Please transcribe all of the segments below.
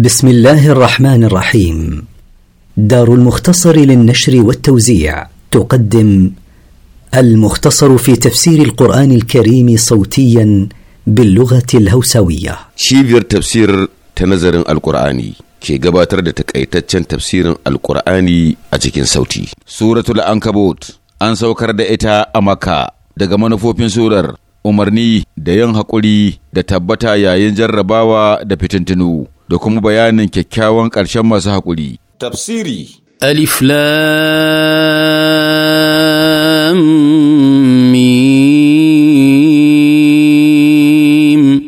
بسم الله الرحمن الرحيم دار المختصر للنشر والتوزيع تقدم المختصر في تفسير القرآن الكريم صوتيا باللغة الهوسوية شيفير تفسير تنظر القرآن كي قباتر تكايتتشن تفسير القرآن أجيكين صوتي سورة الأنكبوت أنسو كرد إتا أمكا دقمان فوبين سورر umarni da yin haƙuri da tabbata yayin jarrabawa da kuma bayanin kyakkyawan ƙarshen masu haƙuri. Tafsiri Alif Lamin.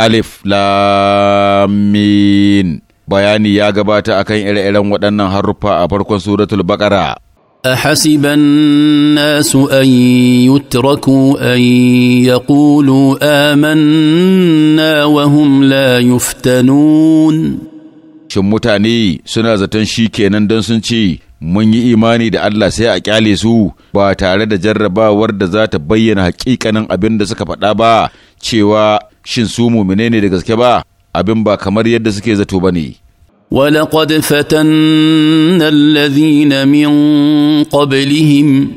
Alif Lamin Bayani ya gabata akan ire-iren waɗannan haruffa a farkon suratul Baƙara. احسب الناس ان يتركوا ان يقولوا امنا وهم لا يفتنون shin mutane suna zaton shi kenan don sun ce mun yi imani da Allah sai a kyale su ba tare da jarrabawar da za ta bayyana hakikanin abin da suka faɗa ba cewa shin su mumine ne da gaske ba abin ba kamar yadda suke zato ba ne ولقد فتنا الذين من قبلهم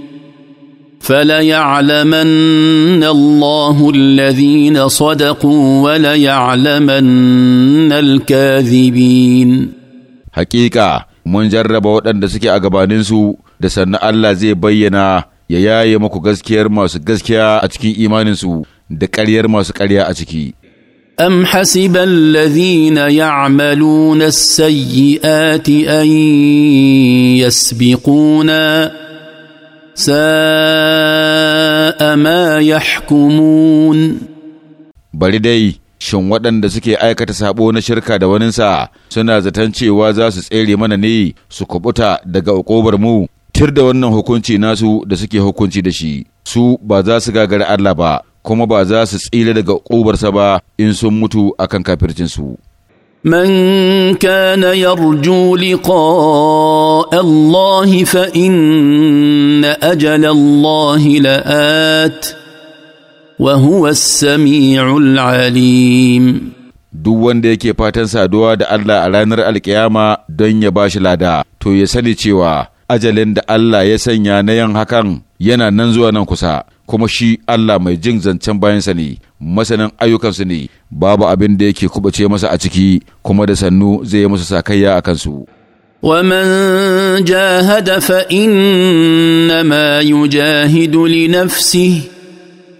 فليعلمن الله الذين صدقوا وليعلمن الكاذبين حقيقة mun jarraba waɗanda suke a gabaninsu da sannan Allah zai bayyana ya yaye maku gaskiyar masu gaskiya a cikin imaninsu da ƙaryar masu ƙarya a ciki. أم حسب الذين يعملون السيئات أن يسبقونا ساء ما يحكمون bari dai shin waɗanda suke aikata sabo na shirka da waninsa suna zaton cewa za su tsere mana ne su kubuta daga uƙobar mu tir da wannan hukunci nasu da suke hukunci da shi su ba za su gagara Allah ba kuma ba za su tsira daga ƙubarsa ba in sun mutu a kan kafircinsu. من كان يرجو لقاء الله فإن أجل الله لآت وهو السميع العليم duk wanda yake fatan saduwa da Allah a ranar alkiyama don ya ba shi lada to ya sani cewa ajalin da Allah ya sanya na yin hakan yana nan zuwa nan kusa kuma shi Allah mai jin zancen bayansa ne masanin ayyukansu ne babu abin da yake kubace masa a ciki kuma da sannu zai yi masa sakayya a kansu ومن جاهد فإنما يجاهد لنفسه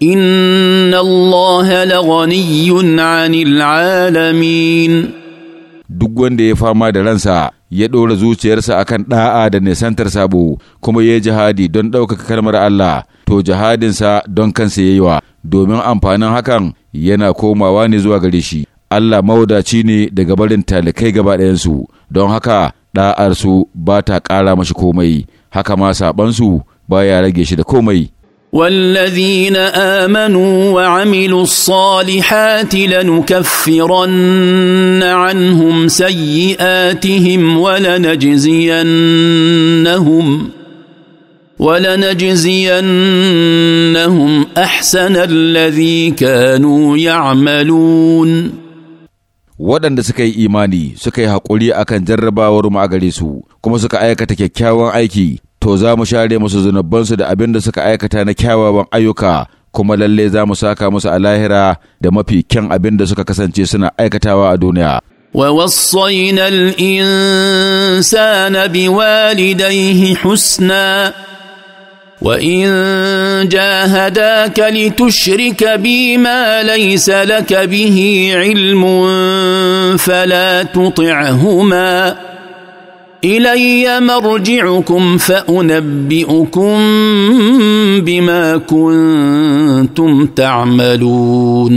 إن الله لغني عن العالمين duk wanda ya fama da ransa ya ɗora zuciyarsa akan ɗa'a da nisantar sabo kuma ya jihadi don ɗaukaka kalmar Allah to jihadinsa don kansa ya yi wa domin amfanin hakan yana komawa ne zuwa gare shi Allah mawadaci ne daga barin talikai gaba ɗayansu don haka ɗa'arsu ba ta ƙara mashi komai haka ma saɓansu ba ya rage shi da komai والذين امنوا وعملوا الصالحات لنكفرن عنهم سيئاتهم ولنجزينهم ولنجزينهم احسن الذي كانوا يعملون waɗanda suka yi imani suka yi haƙuri akan jarrabawar mu a gare su kuma suka aikata kyakkyawan aiki to za mu share musu zunubansu da abin da suka aikata na kyawawan ayyuka kuma lalle za mu saka musu a lahira da mafi kyan abin da suka kasance suna aikatawa a duniya. ووصينا الانسان بوالديه حسنا وان جاهداك لتشرك بي ما ليس لك به علم فلا تطعهما الي مرجعكم فانبئكم بما كنتم تعملون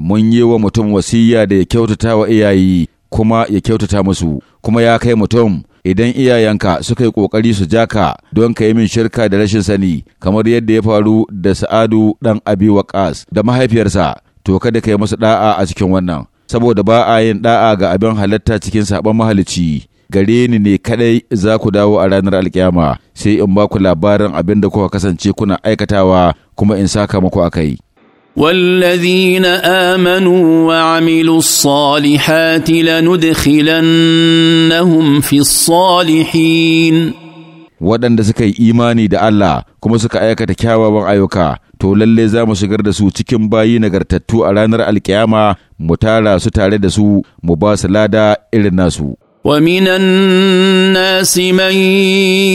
mun yi wa mutum wasiya da ya kyautata wa iyayi kuma ya kyautata musu kuma ya kai mutum idan iyayenka suka yi ƙoƙari su jaka don ka yi min shirka da rashin sani kamar yadda ya faru da sa'adu ɗan abi waqas da mahaifiyarsa to kada ka yi musu ɗa'a a cikin wannan saboda ba a yin ɗa'a ga abin halatta cikin saɓon mahalici gare ni ne kadai za ku dawo a ranar alkiyama sai in ba ku labarin abin da kuka kasance kuna aikatawa kuma in saka muku akai والذين امنوا وعملوا الصالحات na في الصالحين waɗanda suka yi imani da Allah kuma suka aikata kyawawan ayyuka to lalle za mu shigar da su cikin bayi nagartattu a ranar alkiyama mu tara su tare da su mu ba su lada irin nasu ومن الناس من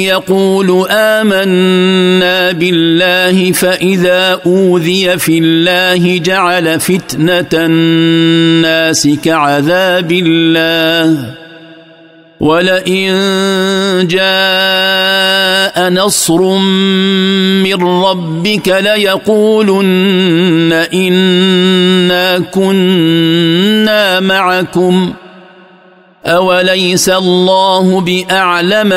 يقول امنا بالله فاذا اوذي في الله جعل فتنه الناس كعذاب الله ولئن جاء نصر من ربك ليقولن انا كنا معكم أوليس الله bi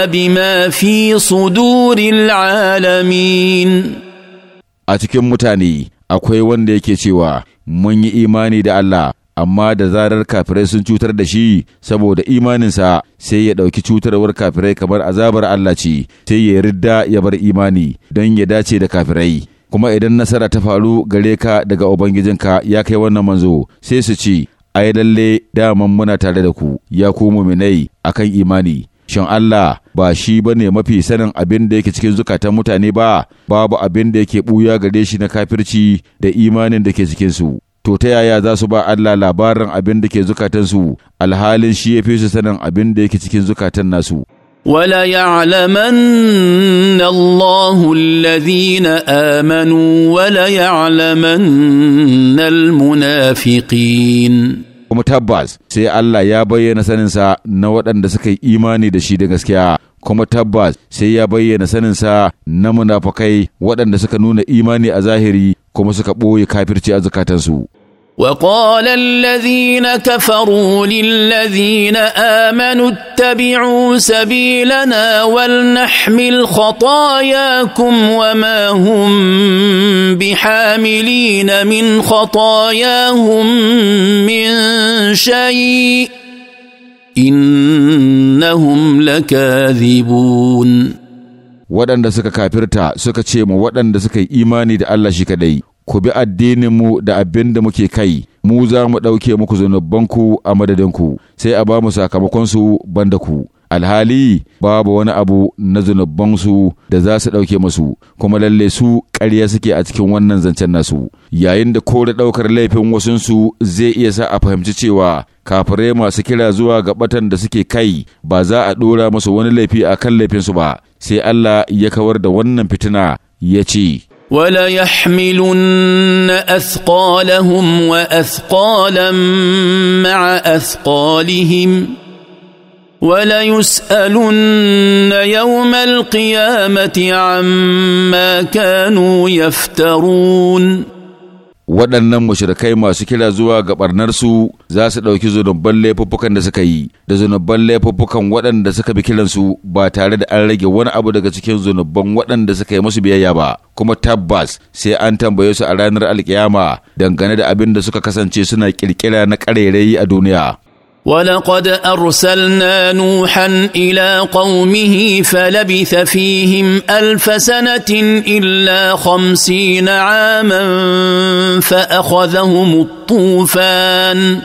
بما في صدور العالمين a cikin mutane akwai wanda yake cewa mun yi imani da Allah amma da zarar kafirai sun cutar da shi saboda imaninsa sai ya ɗauki cutarwar kafirai kamar azabar Allah ce sai ya ridda ya bar imani don ya dace da kafirai kuma idan nasara ta faru gare ka daga ubangijinka ya kai wannan manzo sai su ce ai lalle daman muna tare da ku ya ku muminai kan imani shin Allah ba shi ba ne mafi sanin abin da yake cikin zukatan mutane ba babu abin da yake buya gare shi na kafirci da imanin da ke cikin su to ta yaya za su ba Allah labarin abin da ke zukatansu alhalin shi ya fi su sanin abin da yake cikin zukatan nasu وليعلمن الله الذين امنوا وليعلمن المنافقين kuma tabbas sai Allah ya bayyana saninsa na waɗanda suka yi imani da shi da gaskiya kuma tabbas sai ya bayyana saninsa na munafukai waɗanda suka nuna imani a zahiri kuma suka ɓoye kafirci a zukatansu. وقال الذين كفروا للذين امنوا اتبعوا سبيلنا ولنحمل خطاياكم وما هم بحاملين من خطاياهم من شيء انهم لكاذبون waɗanda suka kafirta suka ce ma waɗanda suka yi imani da Allah shi kaɗai ku bi addininmu da abin da muke kai, mu za mu ɗauke muku zunubanku a madadinku, sai a ba mu sakamakonsu banda ku. Alhali babu wani abu na zunubansu da za su ɗauke musu, kuma lalle su ƙarya suke a cikin wannan zancen nasu, yayin da kore ɗaukar laifin wasunsu zai iya sa a fahimci cewa kafirai masu kira zuwa ga batan da suke kai ba za a ɗora musu wani laifi a kan laifinsu ba, sai Allah ya kawar da wannan fitina ya ce. وليحملن اثقالهم واثقالا مع اثقالهم وليسالن يوم القيامه عما كانوا يفترون waɗannan mashirkai masu kira zuwa ga ɓarnarsu za su ɗauki zunuban laifuffukan da suka yi da zunuban laifuffukan waɗanda suka bi kiransu ba tare da an rage wani abu daga cikin zunuban waɗanda suka yi musu biyayya ba kuma tabbas sai an tambaye su a ranar alkiyama dangane da abin da suka kasance suna ƙirƙira na ƙarairayi a duniya ولقد ارسلنا نوحا الى قومه فلبث فيهم الف سنه الا خمسين عاما فاخذهم الطوفان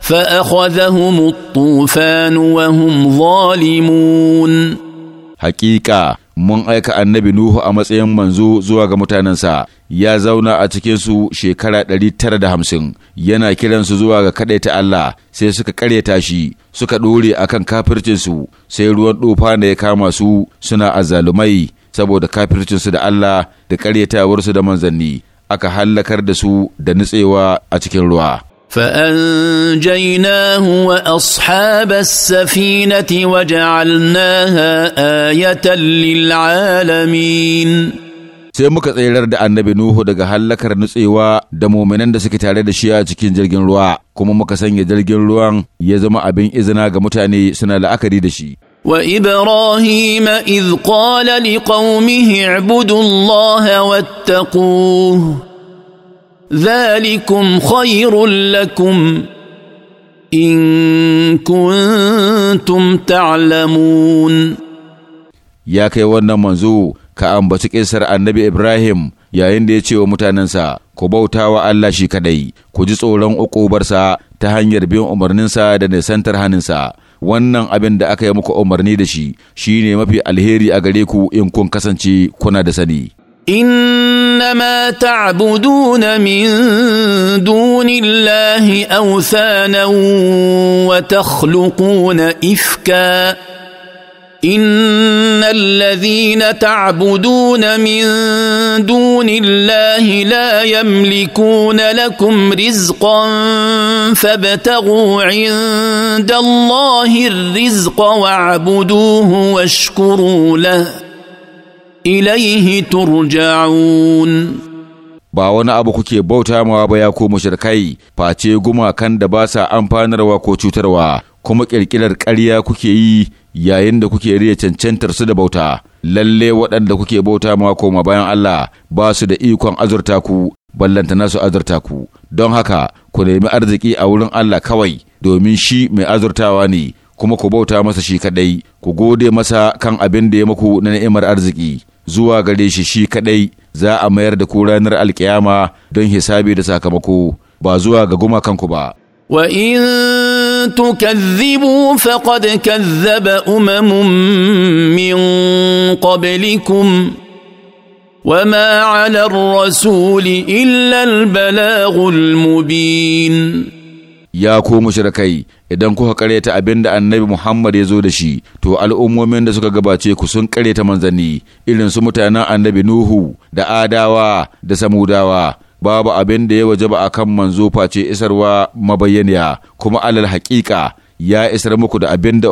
فاخذهم الطوفان وهم ظالمون حقيقه mun aika annabi Nuhu a matsayin manzo zuwa ga mutanensa, ya zauna a cikinsu shekara ɗari tara da hamsin, yana kiransu zuwa ga kaɗai ta Allah, sai suka karyata shi, suka ɗore a kan kafircinsu, sai ruwan ɗofa da ya kama su suna azzalumai saboda kafircinsu da Allah da ƙaryatawarsu da manzanni, aka hallakar da su da nutsewa a cikin ruwa. فانجيناه واصحاب السفينه وجعلناها ايه للعالمين sai muka tsirar da annabi Nuhu daga hallakar nutsewa da muminan da suke tare da shi a cikin jirgin ruwa kuma muka sanya jirgin ruwan ya zama abin izina ga mutane suna la'akari da shi وابراهيم اذ قال لقومه اعبدوا الله واتقوه ذلكم خير لكم ان كنتم تعلمون ya kai wannan manzo ka ambaci kisar annabi Ibrahim yayin da ya ce wa mutanensa ku bauta wa Allah shi kadai ku ji tsoron ukubarsa ta hanyar bin umarninsa da nisantar haninsa wannan abin da aka yi muku umarni da shi shine mafi alheri a gare ku in kun kasance kuna da sani انما تعبدون من دون الله اوثانا وتخلقون افكا ان الذين تعبدون من دون الله لا يملكون لكم رزقا فابتغوا عند الله الرزق واعبدوه واشكروا له ilaihi turja'un ba wani abu kuke bauta mawa ba ya ko mushrikai face gumakan da ba sa amfanarwa ko cutarwa kuma ƙirƙirar ƙarya kuke yi yayin da kuke riya cancantar su da bauta lalle waɗanda kuke bauta mawa koma bayan Allah ba su da ikon azurta ku ballantana su azurta ku don haka ku nemi arziki a wurin Allah kawai domin shi mai azurtawa ne kuma ku bauta masa shi kadai ku gode masa kan abin da ya muku na ni'imar arziki zuwa gare shi shi kadai za a mayar da ku ranar alkiyama don hisabi da sakamako ba zuwa ga gumakanku ba Wa kazzaba umamun min qablikum wama ala ar-rasul illa al-balagh al mubin Ya ku mushrikai idan kuka kareta abin da annabi Muhammad ya zo da shi, to al'ummomin da suka gabace ku sun kareta manzanni, irin su mutanen annabi Nuhu da Adawa da Samudawa, babu abin da ya ba a kan manzo face isarwa mabayyaniya, kuma alal haƙiƙa ya isar muku da abin da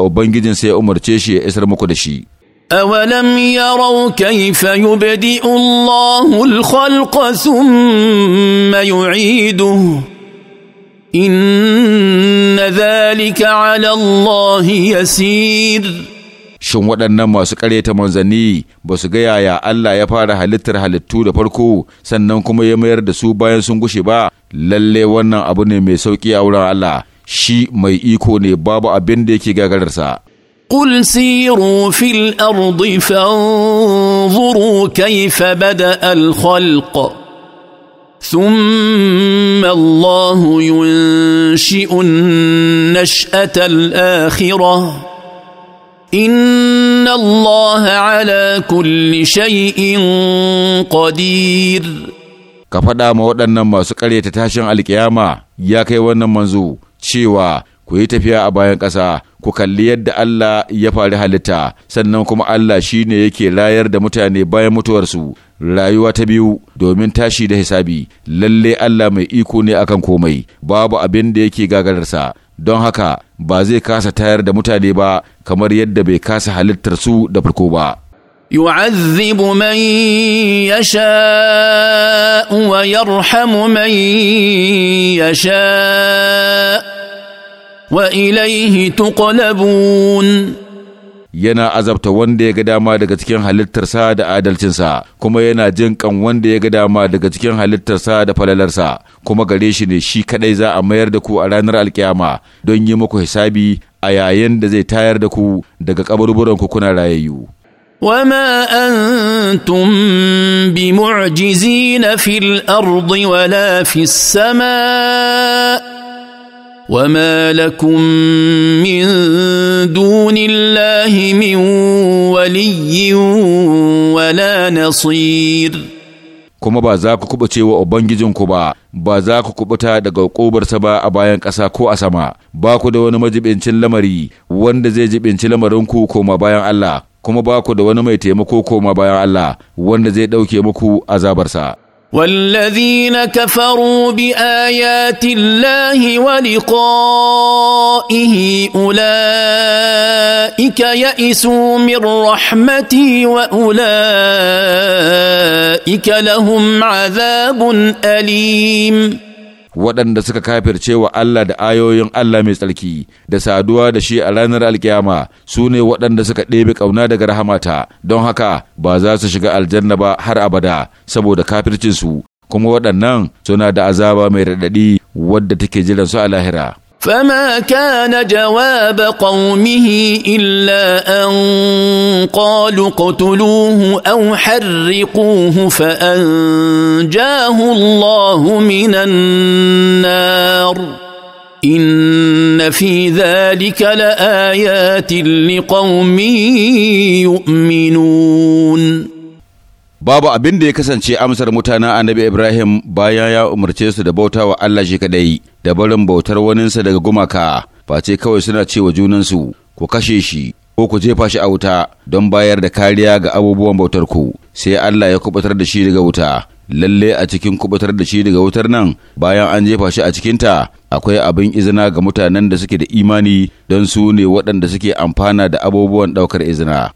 sai ya umarce shi ya isar muku da shi. أولم يروا كيف يبدئ الله الخلق ثم يعيده إن ذلك على الله يسير Shin waɗannan masu ƙaryata manzanni ba su ga yaya Allah ya fara halittar halittu da farko sannan kuma ya mayar da su bayan sun gushe ba, lalle wannan abu ne mai sauƙi a wurin Allah, shi mai iko ne babu abin da yake gagararsa. قل سيروا في الأرض فانظروا كيف بدأ الخلق ثم الله ينشئ النشأة الآخرة إن الله على كل شيء قدير ka faɗa ma waɗannan masu ƙaryata tashin alkiyama ya kai wannan manzo cewa ku yi tafiya a bayan ƙasa ku kalli yadda Allah ya fari halitta sannan kuma Allah shi ne yake rayar da mutane bayan mutuwarsu rayuwa ta biyu domin tashi da hisabi lalle Allah mai iko ne akan komai babu abin da yake gagararsa don haka ba zai kasa tayar da mutane ba kamar yadda bai kasa halittar su da farko ba يعذب من يشاء ويرحم من يشاء وإليه تقلبون yana azabta wanda ya ga dama daga cikin halittarsa da adalcinsa kuma yana jin kan wanda ya ga dama daga cikin halittarsa da falalarsa kuma gare shi ne shi kadai za a mayar da ku a ranar alkiyama don yi muku hisabi a yayin da zai tayar da ku daga kaburburan ku kuna rayayyu وما انتم بمعجزين في الارض ولا في السماء وما لكم من دون الله من ولي ولا نصير kuma ba za ku kubuce wa Ubangijinku ba, ba za ku kubuta daga ƙobarsa ba a bayan ƙasa ko a sama, ba ku da wani majibincin lamari wanda zai jibinci lamarinku koma bayan Allah, kuma ba ku da wani mai taimako koma bayan Allah wanda zai ɗauke muku azabarsa. والذين كفروا بايات الله ولقائه اولئك يئسوا من رحمتي واولئك لهم عذاب اليم waɗanda suka kafirce wa Allah da ayoyin Allah mai tsarki da saduwa da shi a ranar alkiyama su ne waɗanda suka ɗebe ƙauna daga rahamata don haka ba za su shiga aljanna ba har abada saboda kafircinsu kuma waɗannan suna da azaba mai raɗaɗi wadda take jiransu a lahira. فما كان جواب قومه الا ان قالوا اقتلوه او حرقوه فانجاه الله من النار ان في ذلك لايات لقوم يؤمنون babu abin da ya kasance amsar mutanen annabi Ibrahim bayan ya umarce su da bauta wa Allah shi kadai da barin bautar waninsa daga gumaka face kawai suna ce wa junansu ku kashe shi ko ku jefa shi a wuta don bayar da kariya ga abubuwan bautar ku sai Allah ya kubutar da shi daga wuta lalle a cikin kubutar da shi daga wutar nan bayan an jefa shi a cikinta akwai abin izina ga mutanen da suke da imani don su ne waɗanda suke amfana da abubuwan ɗaukar izina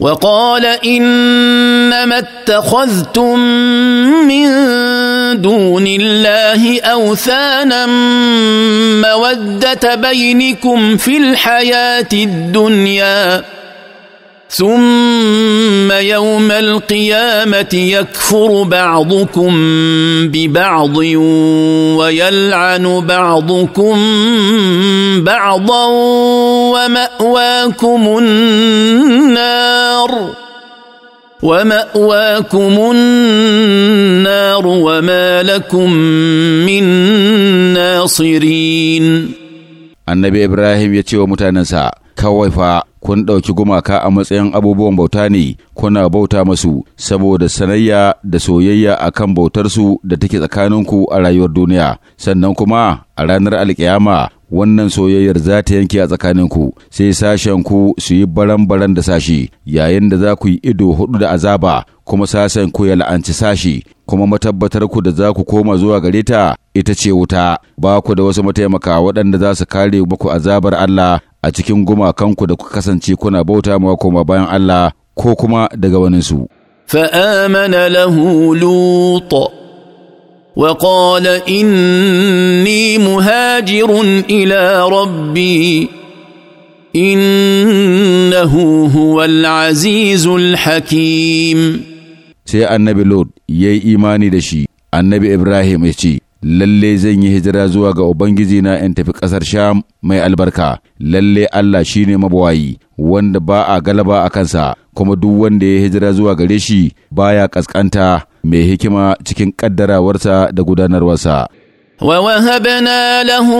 وقال انما اتخذتم من دون الله اوثانا موده بينكم في الحياه الدنيا ثم يوم القيامه يكفر بعضكم ببعض ويلعن بعضكم بعضا وماواكم النار وماواكم النار وما لكم من ناصرين النبي ابراهيم يتيو متانسا كوفا kun ɗauki gumaka a matsayin abubuwan bauta ne kuna bauta masu saboda sanayya da soyayya a kan bautarsu da take tsakaninku a rayuwar duniya sannan kuma a ranar alkiyama wannan soyayyar za ta yanke a tsakaninku sai sashen ku su yi baran-baran da sashi yayin da za ku yi ido hudu da azaba kuma sashen ku ya la'anci sashi kuma matabbatar ku da za ku koma zuwa gare ta ita ce wuta ba ku da wasu mataimaka waɗanda za su kare muku azabar Allah a cikin gumakanku da kuka kasance kuna bauta ma koma bayan Allah ko kuma daga waninsu. lahu luto wa وقال inni muhajirun ila rabbi innahu huwal 'azizul hakim sai annabi Lod ya yi imani da shi, annabi Ibrahim ya ce, lalle zan yi hijira zuwa ga na in tafi ƙasar Sham mai albarka, lalle Allah shi ne mabawayi, wanda ba a galaba a kansa, kuma duk wanda ya hijira zuwa gare shi baya ƙasƙanta mai hikima cikin ƙaddarawarsa da gudanarwarsa. ووهبنا له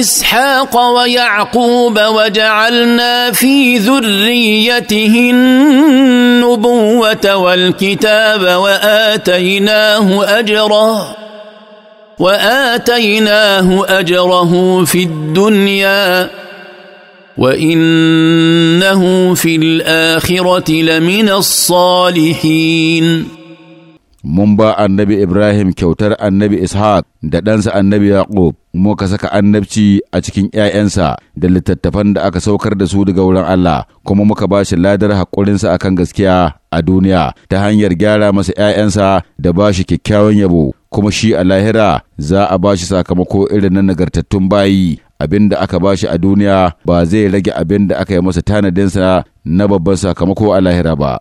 اسحاق ويعقوب وجعلنا في ذريته النبوه والكتاب واتيناه اجره واتيناه اجره في الدنيا وانه في الاخره لمن الصالحين mun ba annabi Ibrahim kyautar annabi Ishaq da ɗansa annabi Yaqub, muka saka annabci a cikin ‘ya'yansa da littattafan da aka saukar da su daga wurin Allah, kuma muka ba shi ladar haƙurinsa akan gaskiya a duniya ta hanyar gyara masa ‘ya'yansa da ba shi kyakkyawan yabo. kuma shi a lahira za a ba shi sakamako irin na nagartattun bayi abin da aka ba shi a duniya ba zai rage abin da aka yi masa tanadinsa na babban sakamako a lahira ba.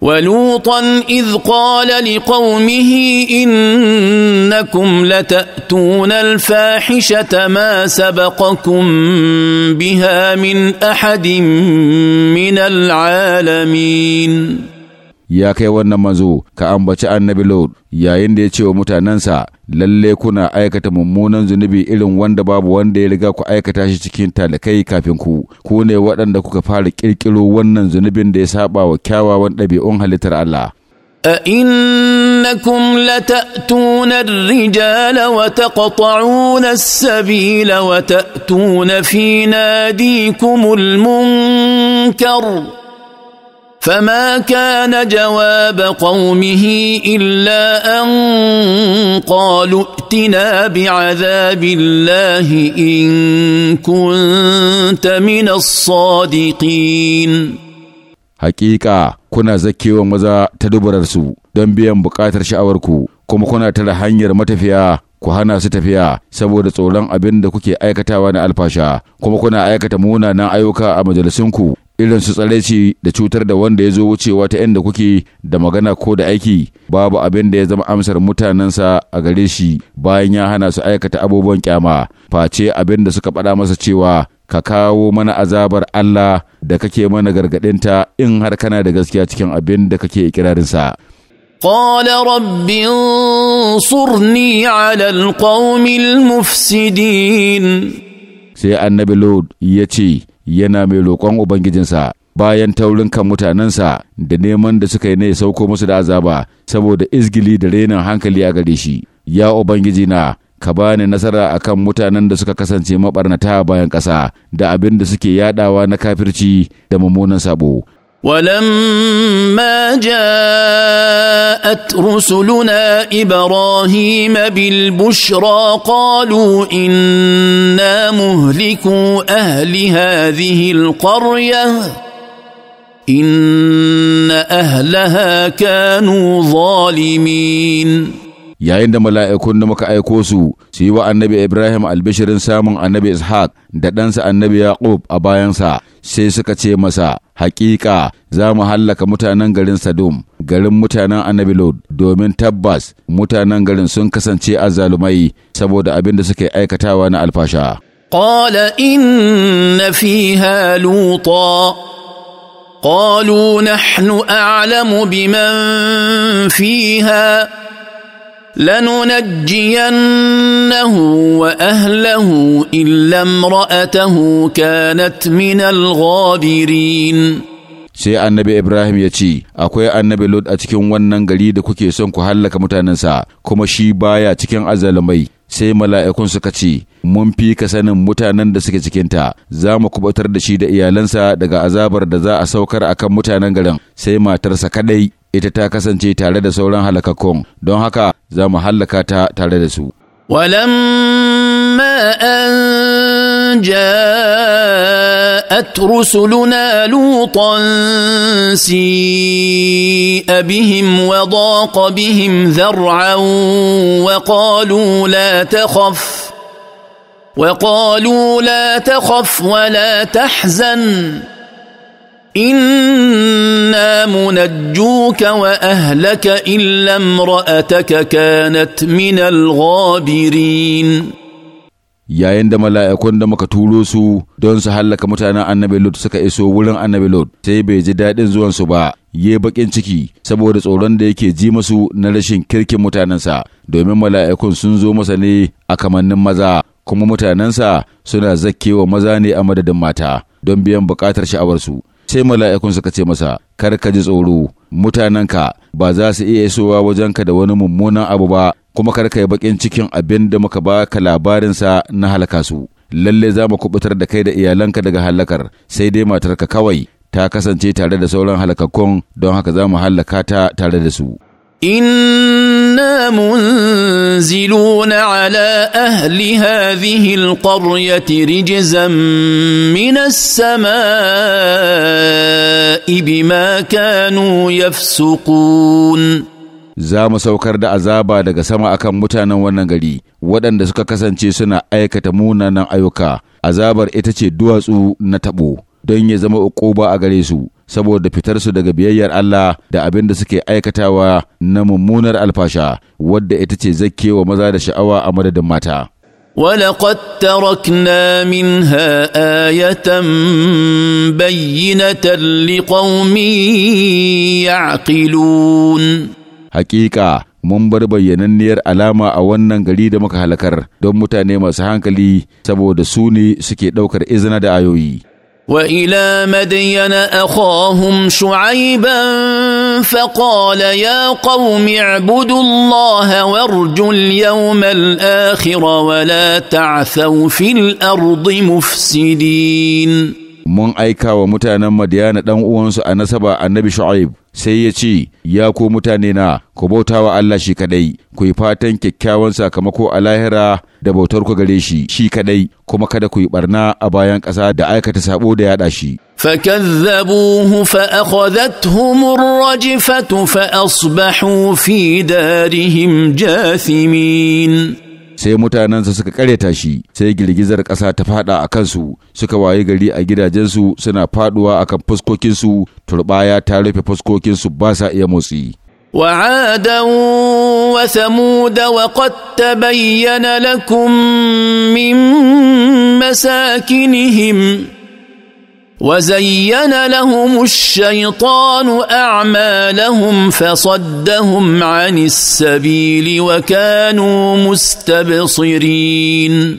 ولوطا اذ قال لقومه انكم لتاتون الفاحشه ما سبقكم بها من احد من العالمين ya kai wannan manzo ka ambaci annabi Lord yayin da ya ce wa mutanensa lalle kuna aikata mummunan zunubi irin wanda babu wanda ya riga ku aikata shi cikin talakai kafin ku ku ne waɗanda kuka fara ƙirƙiro wannan zunubin da ya saba wa kyawawan ɗabi'un halittar Allah أئنكم لتأتون الرجال وتقطعون السبيل وتأتون في ناديكم المنكر Famaka na jawaba قومه illa an قالوا ائتنا بعذاب الله ان كنت من الصادقين hakika kuna zakewa maza ta dubararsu don biyan buƙatar sha'awarku kuma kuna tare hanyar matafiya ku hana su tafiya saboda tsoron abin da kuke aikatawa na alfasha kuma kuna aikata munanan ayyuka a majalisunku irin su tsareci da cutar da wanda ya zo wucewa ta inda kuke da magana ko da aiki babu abin da ya zama amsar mutanensa a gare shi bayan ya hana su aikata abubuwan kyama face abin da suka faɗa masa cewa ka kawo mana azabar Allah da kake mana gargaɗinta in har kana da gaskiya cikin abin da kake ikirarinsa. قال رب انصرني على القوم المفسدين sai annabi لود ya ce yana mai roƙon ubangijinsa bayan taurin kan mutanensa da neman da suka yi ne sauko musu da azaba saboda izgili da renin hankali a gare shi ya ubangiji na ka bani nasara akan mutanen da suka kasance mabarnata bayan ƙasa da abin da suke yadawa na kafirci da mummunan sabo ولما جاءت رسلنا ابراهيم بالبشرى قالوا انا مهلكوا اهل هذه القريه ان اهلها كانوا ظالمين yayin da mala'ikun da muka aiko su su yi wa annabi Ibrahim albishirin samun annabi Ishaq da ɗansa annabi Yaqub a bayansa sai suka ce masa, Hakika za mu hallaka mutanen garin Sadum, garin mutanen annabi Lod, domin tabbas mutanen garin sun kasance azzalumai saboda abin da suke aikatawa na alfasha. قال ان فيها لوطا قالوا نحن اعلم بمن فيها لننجينه واهله الا امراته كانت من الغابرين sai annabi Ibrahim ya ce, Akwai annabi Lot a cikin wannan gari da kuke son ku hallaka mutanensa, kuma shi baya cikin azalumai sai mala'ikun suka ce, Mun fi ka sanin mutanen da suke cikinta, za mu kubutar da shi da iyalansa daga azabar da za a saukar a kan mutanen garin, sai matarsa kaɗai ita ta kasance tare da sauran halakakkun, don haka za mu hallaka ta tare da su. Walamma جاءت رسلنا لوطا سيء بهم وضاق بهم ذرعا وقالوا لا تخف وقالوا لا تخف ولا تحزن انا منجوك واهلك الا امراتك كانت من الغابرين yayin da mala'ikun da muka turo su don su hallaka mutanen annabi Lot suka iso wurin annabi Lot sai bai ji daɗin zuwan su ba ye bakin ciki saboda tsoron da yake ji masu na rashin kirkin mutanensa domin mala'ikun sun zo masa ne a kamannin maza kuma mutanensa suna wa maza ne a madadin mata don biyan buƙatar sha'awarsu sai mala'ikun suka ce masa kar ka ji tsoro mutanenka ba za su iya isowa wajenka da wani mummunan abu ba kuma kar ka yi bakin cikin abin da muka baka labarinsa na halaka su lalle za mu kubutar da kai da iyalanka daga halakar sai dai matarka kawai ta kasance tare da sauran halakakkun don haka za mu halaka ta tare da su إنا منزلون Ahli أهل هذه القرية رجزا من السماء بما kanu يفسقون za mu saukar da azaba daga sama akan mutanen wannan gari waɗanda suka kasance suna aikata munanan ayyuka azabar ita ce duwatsu na taɓo don ya zama uquba a gare su saboda fitarsu daga biyayyar Allah da abin da suke aikatawa na mummunar alfasha wadda ita ce zakkewa maza da sha'awa a madadin mata. ولقد تركنا منها آية بينة لقوم يعقلون Hakika mun bar bayyananniyar alama a wannan gari da muka halakar don mutane masu hankali saboda su ne suke ɗaukar izina da ayoyi. وإلى مدين أخاهم شعيبا فقال ya قوم اعبدوا الله وارجوا اليوم الآخر ولا تعثوا في الأرض مفسدين mun aika wa mutanen Madiyana ɗan uwansu a nasaba annabi Shu'aib sai ya ce, Ya ko mutane na, ku bauta wa Allah shi kaɗai, ku yi fatan kyakkyawan sakamako a lahira da bautar ku gare shi shi kaɗai, kuma kada ku yi ɓarna a bayan ƙasa da aikata sabo da yaɗa shi. فكذبوه فأخذتهم الرجفة فأصبحوا في دارهم جاثمين sai mutanensa suka kareta shi sai girgizar ƙasa ta fada a kansu suka wayi gari a gidajensu suna faduwa akan fuskokin fuskokinsu turbaya ta rufe fuskokinsu ba sa iya motsi وعادا وثمود وقد تبين لكم من مساكنهم وزين لهم الشيطان اعمالهم فصدهم عن السبيل وكانوا مستبصرين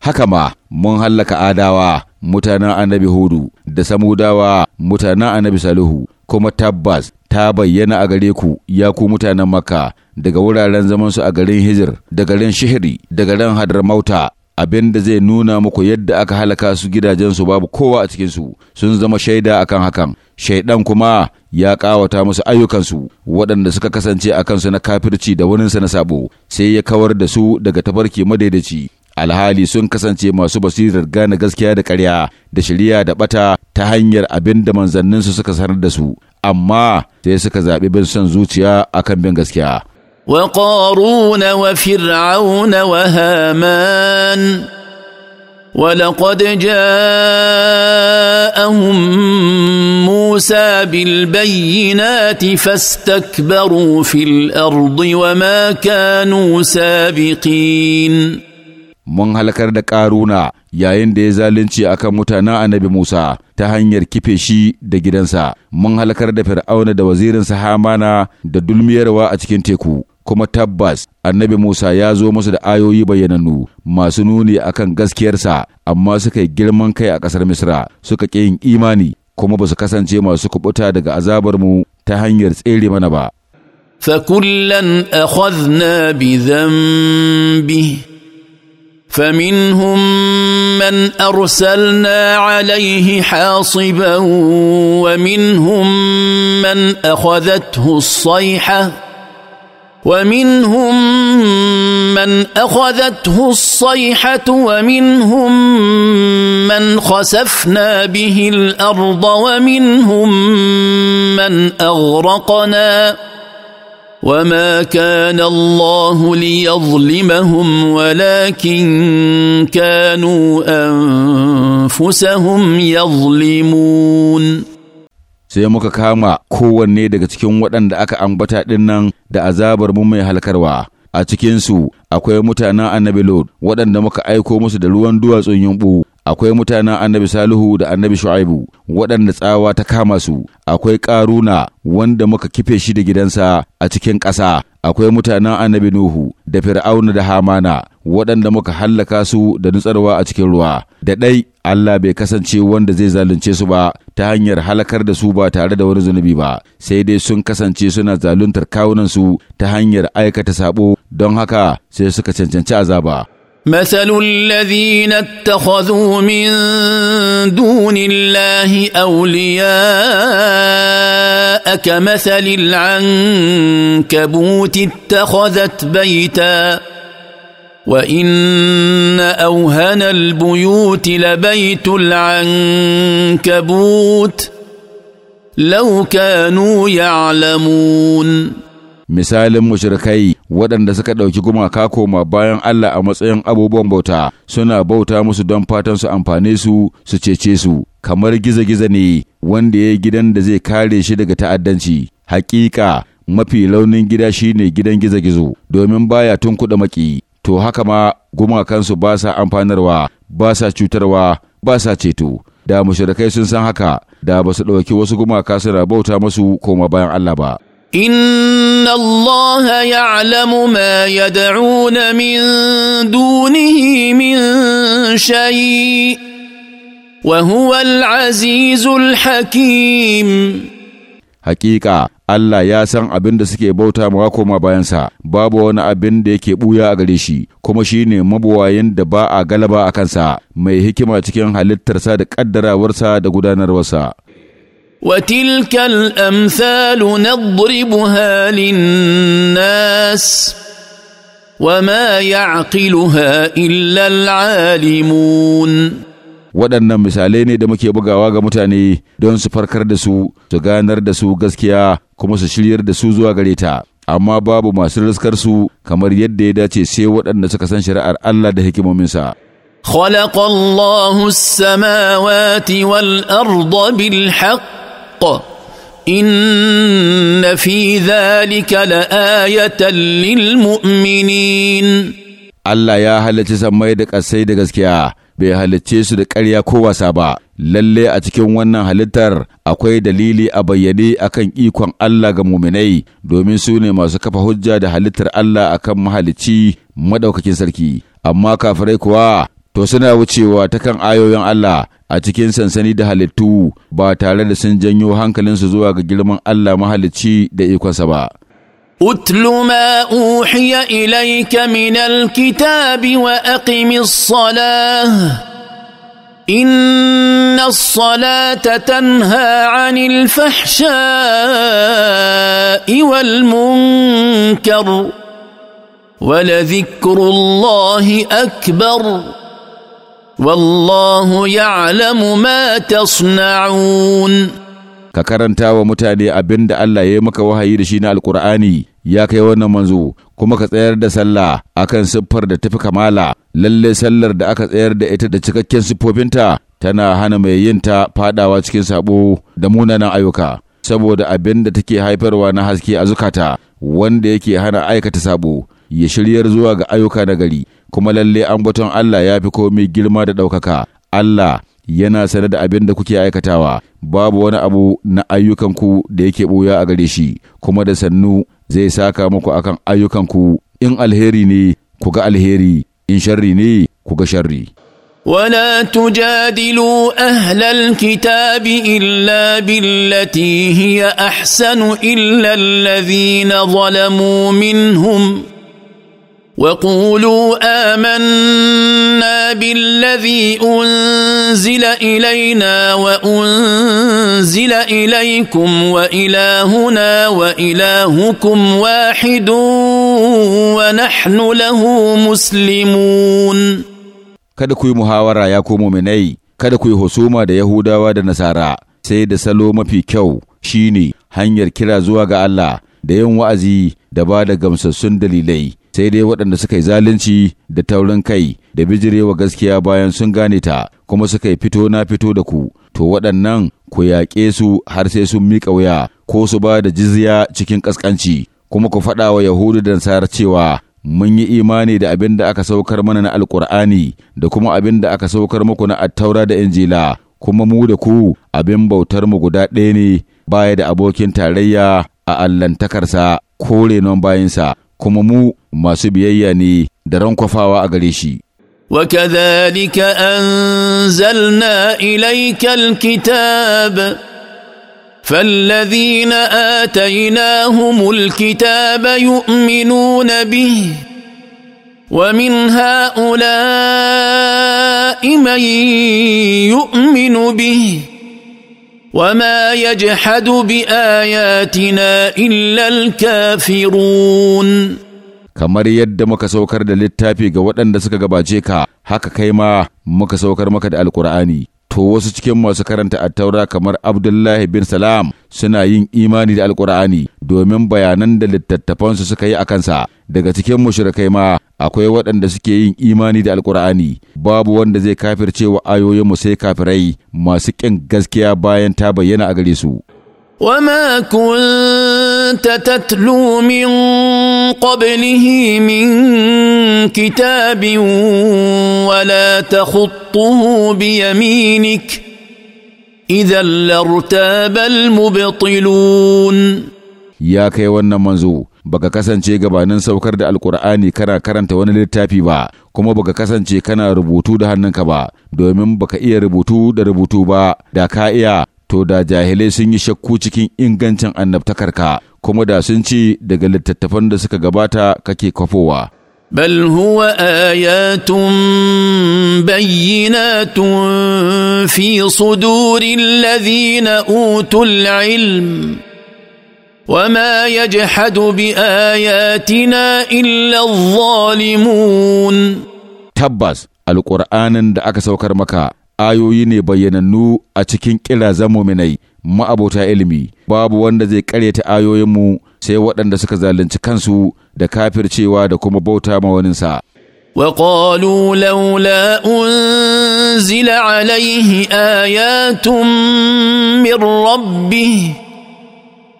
haka ma mun hallaka adawa mutanen annabi hudu da samudawa mutanen annabi salihu kuma tabbas ta bayyana a gare ku ya ku mutanen makka daga wuraren zamansu a garin hijir da garin shihri da garin hadar mauta abin da zai nuna muku yadda aka halaka su gidajensu babu kowa a cikinsu sun zama shaida akan hakan shaidan kuma ya ƙawata musu ayyukansu waɗanda suka kasance a kansu na kafirci da waninsa na sabo sai ya kawar da su daga tafarki madaidaci alhali sun kasance masu basirar gane gaskiya da ƙarya da shirya da ɓata ta hanyar abin da manzanninsu suka sanar da su amma sai suka zaɓi bin son zuciya akan bin gaskiya وقارون وفرعون وهامان ولقد جاءهم موسى بالبينات فاستكبروا في الارض وما كانوا سابقين mun halakar da ƙaruna yayin da ya zalunci a kan mutanen annabi Musa ta hanyar kife shi da gidansa, mun halakar da fir'auna da wazirinsa Hamana da dulmiyarwa a cikin teku. kuma tabbas annabi Musa ya zo musu da ayoyi bayyananu masu nuni akan gaskiyarsa amma suka yi girman kai a ƙasar Misra suka ƙi yin imani kuma ba su kasance masu kubuta daga azabar mu ta hanyar tsere mana ba. فكلا اخذنا بذنبه فمنهم من ارسلنا عليه حاصبا ومنهم من اخذته الصيحه ومنهم من اخذته الصيحه ومنهم من خسفنا به الارض ومنهم من اغرقنا وما كان الله ليظلمهم ولكن كانوا انفسهم يظلمون sai muka kama kowanne daga cikin waɗanda aka ambata ɗin nan da azabar mu mai halkarwa a cikinsu akwai mutanen annabi lod waɗanda muka aiko musu da ruwan duwatsun yumɓu akwai mutanen annabi salihu da annabi shu'aibu waɗanda tsawa ta kama su akwai ƙaruna wanda muka kife shi da gidansa a cikin ƙasa akwai mutanen annabi Nuhu da Fir'auna da Hamana waɗanda muka hallaka su da nutsarwa a cikin ruwa da ɗai Allah bai kasance wanda zai zalunce su ba ta hanyar halakar da su ba tare da wani zunubi ba sai dai sun kasance suna zaluntar kawunan su ta hanyar aikata sabo don haka sai suka cancanci azaba مثل الذين اتخذوا من دون الله اولياء كمثل العنكبوت اتخذت بيتا وان اوهن البيوت لبيت العنكبوت لو كانوا يعلمون مثال mushrikai waɗanda suka ɗauki gumaka koma bayan Allah a matsayin abubuwan bauta suna bauta musu don fatan su amfane su su cece su kamar giza-giza ne wanda ya yi gidan da zai kare shi daga ta'addanci hakika mafi launin gida shine gidan giza-gizo domin baya tun kuɗa maki to haka ma gumakansu ba sa amfanarwa ba sa cutarwa ba sa ceto da mushrikai sun san haka da basu ɗauki wasu gumaka suna bauta musu koma bayan Allah ba ان الله يعلم ما يدعون من دونه من شيء وهو العزيز الحكيم حقيقه Allah ya san abin da suke bauta ma koma bayansa, babu wani abin da yake buya a gare shi, kuma shi ne mabuwayin da ba a galaba a kansa, mai hikima cikin halittarsa da ƙaddarawarsa da gudanarwarsa. وتلك الامثال نضربها للناس وما يعقلها الا العالمون waɗannan misalai ne da muke bugawa ga mutane don su farkar da su su ganar da su gaskiya kuma su shiryar da su zuwa gare ta amma babu masu riskar su kamar yadda ya dace sai waɗanda suka san shari'ar Allah da hikimominsa خلق الله السماوات والأرض بالحق الحق ان في ذلك لايه للمؤمنين Allah ya halicci sammai da ƙasai da gaskiya bai halicce su da ƙarya ko wasa ba lalle a cikin wannan halittar akwai dalili a bayyane akan ikon Allah ga muminai domin su ne masu kafa hujja da halittar Allah akan mahalicci madaukakin sarki amma kafirai kuwa to suna wucewa ta kan ayoyin Allah a cikin sansani da halittu ba tare da sun janyo hankalinsu zuwa ga girman Allah mahalicci da ikonsa ba. اتل ما اوحي اليك من الكتاب واقم الصلاه ان الصلاه تنهى عن الفحشاء والمنكر ولذكر الله اكبر والله يعلم ما تصنعون ka karanta wa mutane abin da Allah ya yi maka wahayi da shi na Alkur'ani ya kai wannan manzo kuma ka tsayar da sallah a kan siffar da tafi kamala Lallai sallar da aka tsayar da ita da cikakken siffofinta tana hana mai yin ta faɗawa cikin saɓo da munanan ayyuka saboda abin da take haifarwa na haske a zukata wanda yake hana aikata saɓo, ya shiryar zuwa ga ayyuka na gari kuma lalle ambaton Allah ya fi komai girma da ɗaukaka. Allah yana sanar da abin da kuke aikatawa, babu wani abu na ayyukanku da yake ɓuya a gare shi, kuma da sannu zai saka muku akan ayyukanku in alheri ne ku ga alheri, in sharri ne ku ga sharri. ولا تجادلوا ahlal الكتاب الا بالتي هي احسن الا الذين ظلموا منهم وقولوا امنا بالذي انزل الينا وانزل اليكم والهنا والهكم واحد ونحن له مسلمون kada ku muhawara ya ko muminai kada ku husuma da yahudawa da nasara sai da salo mafi kyau shine hanyar kira zuwa ga Allah da yin wa'azi da ba da gamsassun dalilai sai dai waɗanda suka yi zalunci da taurin kai da bijirewa gaskiya bayan sun gane ta kuma suka yi fito na fito da ku to waɗannan ku yaƙe su har sai sun miƙa wuya ko su ba da jizya cikin ƙasƙanci kuma ku faɗa wa yahudu da nasarar cewa mun yi imani da abin da aka saukar mana na alƙur'ani da kuma abin da aka saukar muku na attaura da injila kuma mu da ku abin bautar mu guda ɗaya ne baya da abokin tarayya a allantakarsa ko renon bayinsa kuma mu masu biyayya ne da rankwafawa a gare shi. وكذلك أنزلنا إليك الكتاب فالذين آتيناهم الكتاب يؤمنون به ومن هؤلاء من يؤمن به وما يجحد بآياتنا إلا الكافرون kamar yadda muka saukar da littafi ga waɗanda suka gabace ka haka kai ma muka saukar maka da alkur'ani to wasu cikin masu karanta attaura kamar abdullahi bin salam suna yin imani da alkur'ani domin bayanan da littattafansu suka yi a kansa daga cikin mushrikai ma akwai waɗanda suke yin imani da alkur'ani babu wanda zai kafirce wa ayoyinmu sai kafirai masu ƙin gaskiya bayan ta bayyana a gare su وما كنت تتلو من قبله من كتاب ولا تخطه بيمينك اذا لارتاب المبطلون ya kai wannan manzo baka kasance gabanin saukar da alkur'ani kana karanta wani littafi ba kuma baka kasance kana rubutu da hannunka ba domin baka iya rubutu da rubutu ba da ka iya to da jahilai sun yi shakku cikin ingancin annabtakarka kuma da sun ce daga littattafan da suka gabata kake kwafowa. بل هو ايات بينات في صدور الذين اوتوا العلم وما يجحد باياتنا الا الظالمون تبس القران da aka saukar maka ayoyi ne bayyanannu a cikin ƙirazamuminai, minai ma'abota ilimi babu wanda zai ayoyin ayoyinmu sai waɗanda suka zalunci kansu da kafircewa da kuma bauta ma waninsa. وقالوا لولا أنزل عليه آيات من ربه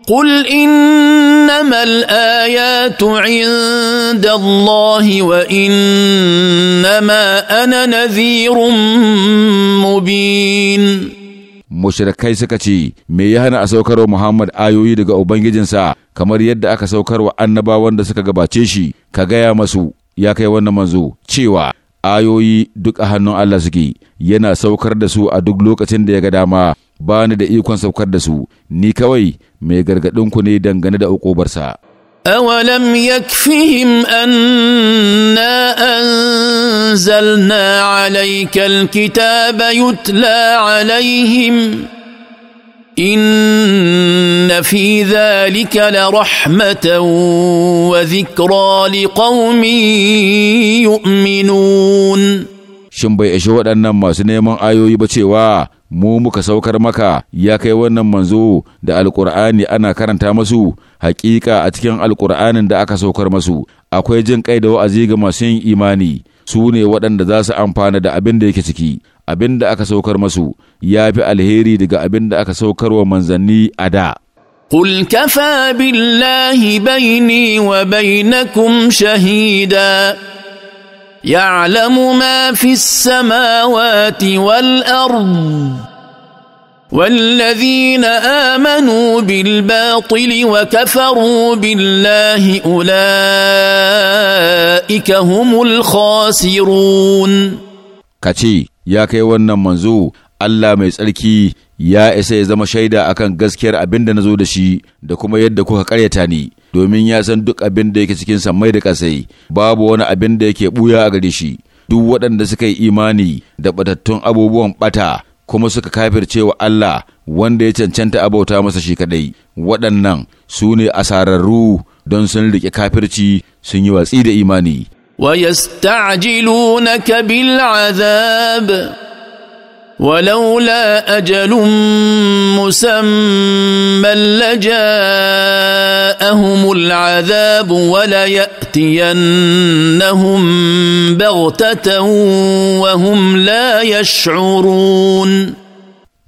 قل انما الايات عند الله وانما انا نذير مبين mushrikai suka ce me ya hana a saukarwa Muhammad ayoyi daga ubangijinsa kamar yadda aka saukarwa annabawan da suka gabace shi ka gaya masu ya kai wannan manzo cewa ayoyi duk a hannun Allah suke yana saukar da su a duk lokacin da ya ga dama ba ni da ikon saukar da su ni kawai mai ku ne dangane da ukubarsa أولم يكفهم أنا أنزلنا عليك الكتاب يتلى عليهم إن في ذلك لرحمة وذكرى لقوم يؤمنون. Shin bai ishi waɗannan masu neman ayoyi ba cewa mu muka saukar maka ya kai wannan manzo da alkur'ani ana karanta masu hakika a cikin alkur'anin da aka saukar masu akwai jin kai da wa'azi ga masu yin imani su ne waɗanda za su amfana da abin da yake ciki abin da aka saukar masu ya fi alheri daga abin da aka saukar wa manzanni a da قل كفى بالله بيني وبينكم شهيدا يعلم ما في السماوات والارض والذين امنوا بالباطل وكفروا بالله اولئك هم الخاسرون كتي يا كي wannan manzo Allah mai tsarki ya isa ya zama shaida akan gaskiyar abin da na zo da shi da kuma yadda kuka ƙaryata ni domin ya san duk abin da yake cikin mai da kasai babu wani abin da yake buya a gare shi duk waɗanda suka yi imani da batattun abubuwan bata kuma suka kafirce wa Allah wanda ya cancanta abauta masa shi kadai waɗannan su ne asararru don sun riƙe kafirci sun yi watsi da imani ويستعجلونك بالعذاب ولولا اجل مسمى لجاءهم العذاب ولياتينهم بغته وهم لا يشعرون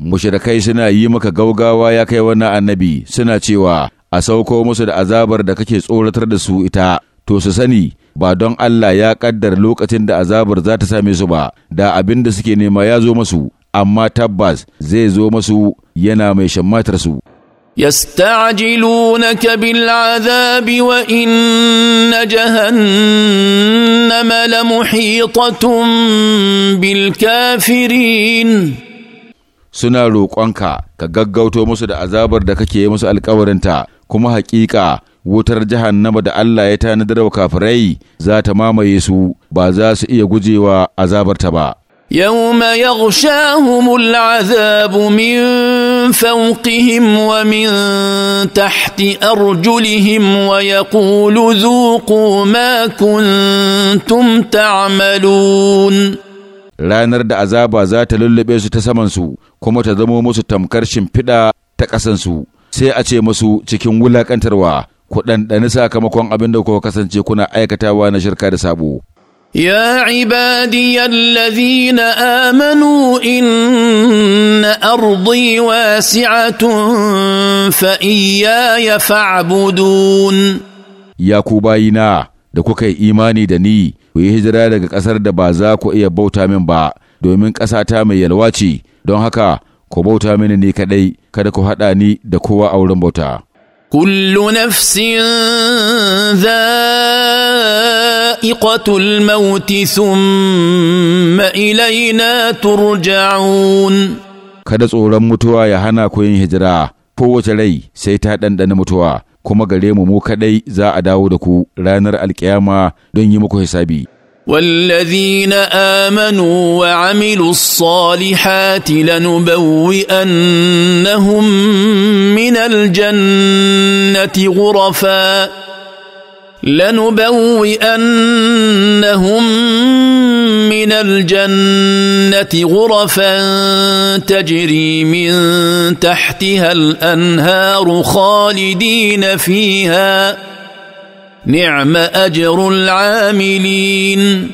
mushrikai suna yi maka gaugawa ya kai wannan annabi suna cewa a sauko musu da azabar da kake tsoratar da su ita to su sani ba don Allah ya kaddar lokacin da azabar za ta same su ba da abin da suke nema ya zo masu amma tabbas zai zo masu yana mai shammatar su. يستعجلونك بالعذاب وان جهنم muhitatun bilkafirin suna roƙonka ka gaggauto musu da azabar da kake yi musu alkawarinta kuma haƙiƙa wutar jahannama da Allah ya tanadar wa kafirai za ta mamaye su ba za su iya gujewa azabarta ba يوم يغشاهم العذاب من فوقهم ومن تحت ارجلهم ويقول ذوقوا ما كنتم تعملون ranar da azaba za ta lullube su ta samansu kuma ta zamo musu tamkar shimfiɗa ta ƙasansu sai a ce musu cikin wulaƙantarwa ku ɗanɗani sakamakon abin da kuka kasance kuna aikatawa na shirka da sabo يا عبادي الذين امنوا ان ارضي واسعه فاياي فاعبدون يا كوباينا da kuka yi imani da ni ku yi hijira daga ƙasar da ba za ku iya bauta min ba domin ƙasata mai yalwa ce don haka ku bauta mini ni kaɗai kada ku haɗa ni da kowa a wurin bauta كل نفس ذائقه الموت ثم الينا ترجعون kada tsoron mutuwa ya hana ku yin hijira kowace rai sai ta ɗanɗana mutuwa kuma gare mu mu kaɗai za a dawo da ku ranar alkiyama don yi muku hisabi والذين امنوا وعملوا الصالحات لنبوئنهم من الجنه غرفا لنبوئنهم من الجنه غرفا تجري من تحتها الانهار خالدين فيها نعم أجر amilin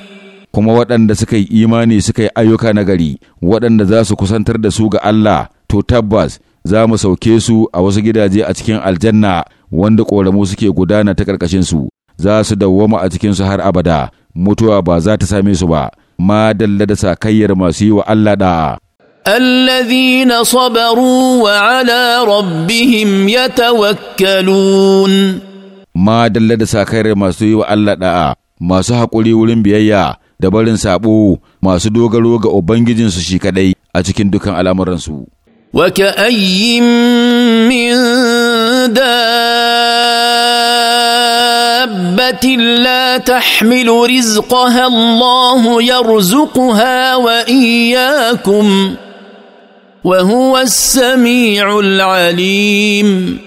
kuma waɗanda suka yi imani suka yi ayyuka na gari, waɗanda za su kusantar da su ga Allah to tabbas za mu sauke su a wasu gidaje a cikin aljanna wanda ƙoramu suke gudana ta ƙarƙashinsu za su dawwama a cikinsu har abada mutuwa ba za ta same su ba ma dalla da sakayyar masu yi wa Allah da'a. الذين صبروا وعلى rabbihim yatawakkalun ma da da sakayar masu yi wa Allah da'a masu haƙuri wurin biyayya da barin saɓo masu dogaro ga ubangijinsu shi kaɗai a cikin dukan al'amuransu. وكأي من دابة لا تحمل wa iyyakum wa huwa وهو السميع العليم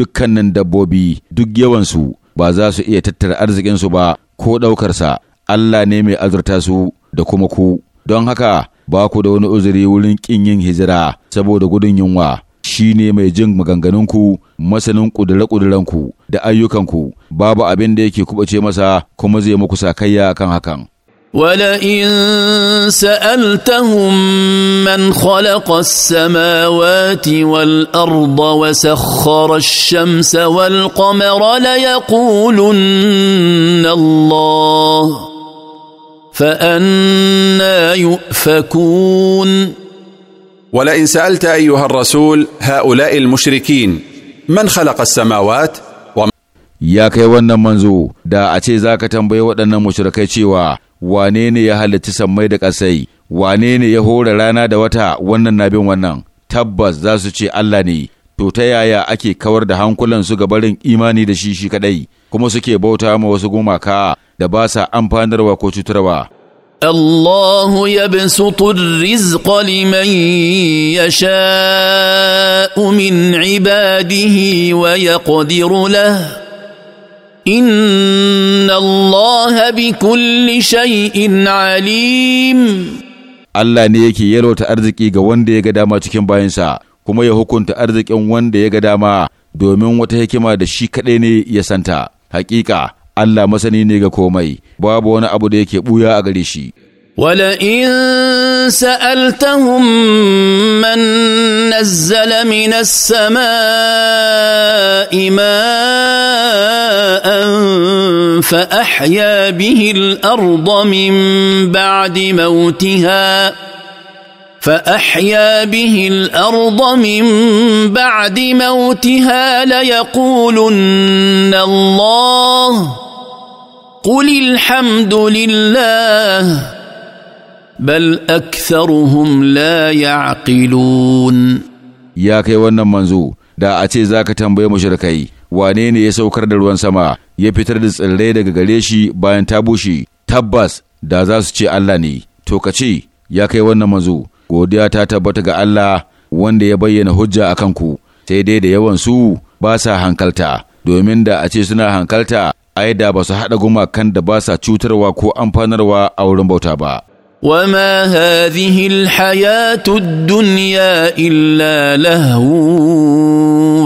dukkanin dabbobi duk yawansu ba za su iya tattara arzikinsu ba ko ɗaukarsa Allah ne mai azurta su da kuma ku don haka ba ku da wani uzuri wurin ƙin yin hijira saboda gudun yunwa shi ne mai jin maganganunku masanin ƙudure-ƙudurenku da ayyukanku babu abin da yake kuɓace masa kuma zai muku sakayya kan hakan ولئن سالتهم من خلق السماوات والارض وسخر الشمس والقمر ليقولن الله فانا يؤفكون ولئن سالت ايها الرسول هؤلاء المشركين من خلق السماوات يا كي wannan manzo da a ce za مشركي tambayi wane ne ya halitta sammai da ƙasai, wane ne ya hora rana da wata wannan na bin wannan, tabbas za su ce Allah ne, to ta yaya ake kawar da hankulan su ga barin imani da shi shi kaɗai, kuma suke bauta ma wasu gumaka da ba sa amfanarwa ko cutarwa. الله يبسط الرزق لمن يشاء من عباده ويقدر له ان الله بكل شيء عليم Allah ne yake yalwata arziki ga wanda ya ga dama cikin bayansa kuma ya hukunta arzikin wanda ya ga dama domin wata hikima da shi kadai ne ya santa hakika Allah masani ne ga komai babu wani abu da yake buya a gare shi ولئن سالتهم من نزل من السماء ماء فاحيا به الارض من بعد موتها فاحيا به الارض من بعد موتها ليقولن الله قل الحمد لله bal aktharuhum la ya'qilun ya kai wannan manzo da a ce zaka tambaye mushrikai wane ne ya saukar da ruwan sama ya fitar da tsirrai daga gare shi bayan ta bushe tabbas da za su ce Allah ne to ka ce ya kai wannan manzo godiya ta tabbata ga Allah wanda ya bayyana hujja a kanku sai dai da yawan su ba sa hankalta domin da a ce suna hankalta ai da ba su haɗa gumakan da ba sa cutarwa ko amfanarwa a wurin bauta ba وما هذه الحياة الدنيا إلا لهو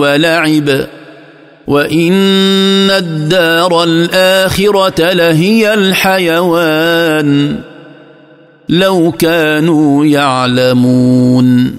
ولعب وإن الدار الآخرة لهي الحيوان لو كانوا يعلمون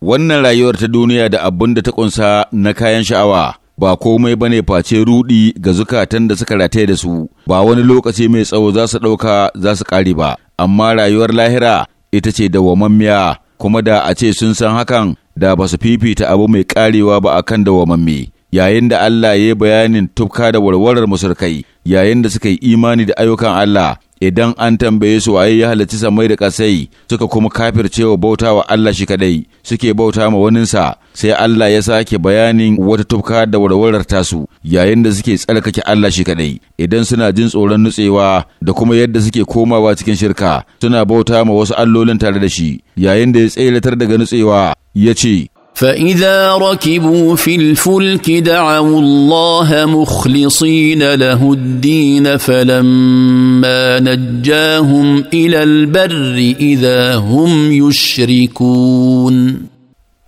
wannan rayuwar ta duniya da abin da ta kunsa na kayan sha'awa ba komai bane face rudi ga zukatan da suka rataye da su ba wani lokaci mai tsawo za su ɗauka za su ƙare ba amma rayuwar lahira ita ce dawamammiya kuma da a ce sun san hakan da ba su fifita abu mai karewa ba a akan dawwamamme yayin da Allah ya yi bayanin tufka da warwarar musulkai yayin da suka yi imani da ayyukan Allah idan an tambaye su waye ya halarci samai da ƙasai suka kuma kafirce wa bauta wa Allah shi kadai suke bauta ma waninsa sai Allah ya sake bayanin wata tufka da warwarar tasu yayin da suke tsarkake Allah shi kadai idan suna jin tsoron nutsewa da kuma yadda suke komawa cikin shirka suna bauta ma wasu allolin tare da shi yayin da ya tseratar daga nutsewa ya ce فاذا ركبوا في الفلك دعوا الله مخلصين له الدين فلما نجاهم الى البر اذا هم يشركون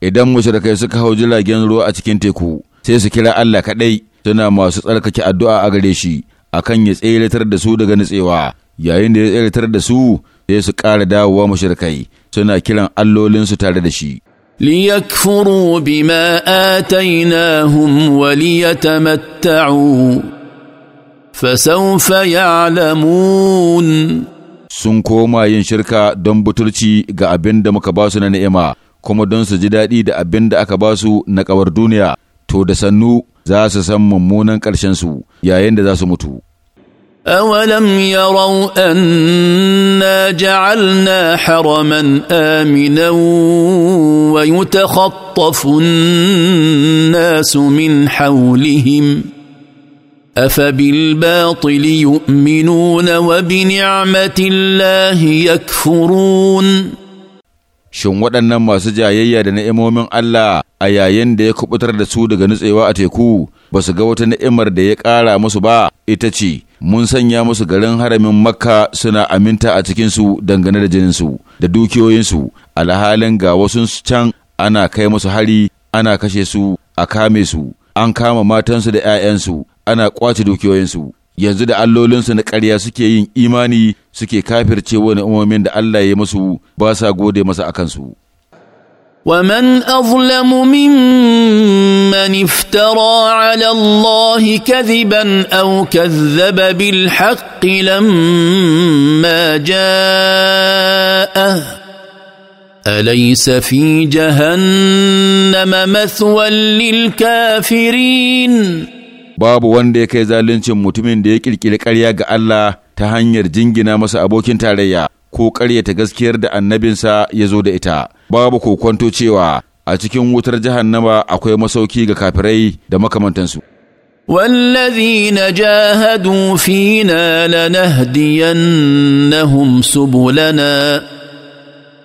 idan mushrikai suka hau jiragen ruwa a cikin teku sai su kira Allah kaɗai suna masu tsarkake addu'a a gare shi akan ya tseratar da su daga nutsewa yayin da ya tseratar da su sai su ƙara dawowa mushrikai suna kiran allolinsu tare da shi ليكفروا بما اتيناهم وليتمتعوا فسوف يعلمون sun koma yin shirka don butulci ga abin da muka ba su na ni'ima kuma don su ji daɗi da abin da aka ba su na ƙawar duniya to da sannu za su san mummunan ƙarshensu yayin da za su mutu أولم يروا أنا جعلنا حرما آمنا ويتخطف الناس من حولهم أفبالباطل يؤمنون وبنعمة الله يكفرون Shin waɗannan masu jayayya da ni'imomin Allah a yayin da ya kubutar da su daga nutsewa a teku ba su ga wata ni'imar da ya ƙara musu ba ita ce mun sanya musu garin haramin makka suna aminta a cikinsu dangane da jininsu da dukiyoyinsu alhalin ga wasu can ana kai musu hari ana kashe su a kame su an kama matansu da 'ya'yansu ana kwace dukiyoyinsu yanzu da allolinsu na ƙarya suke yin imani suke kafirce wani umomin da Allah ya musu ba sa gode masa a kansu. ومن اظلم ممن افترى على الله كذبا او كذب بالحق لما جاءه اليس في جهنم مثوى للكافرين babu wanda ya kai zaluncin mutumin da ya ƙirƙiri ƙarya ga Allah ta hanyar jingina masa abokin tarayya ko karyata gaskiyar da annabinsa ya zo da ita babu kokwanto cewa a cikin wutar jahannama akwai masauki ga kafirai da makamantansu na جاهدوا فينا wa inna: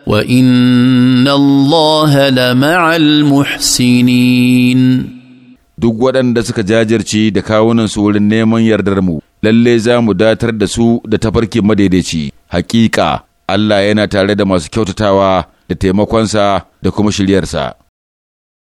وإن الله لمع muhsinin!" duk waɗanda suka jajirce da kawunansu wurin neman yardar mu lalle za mu datar da su da tafarkin madaidaici hakika Allah yana tare da masu kyautatawa da taimakonsa da kuma shiryarsa.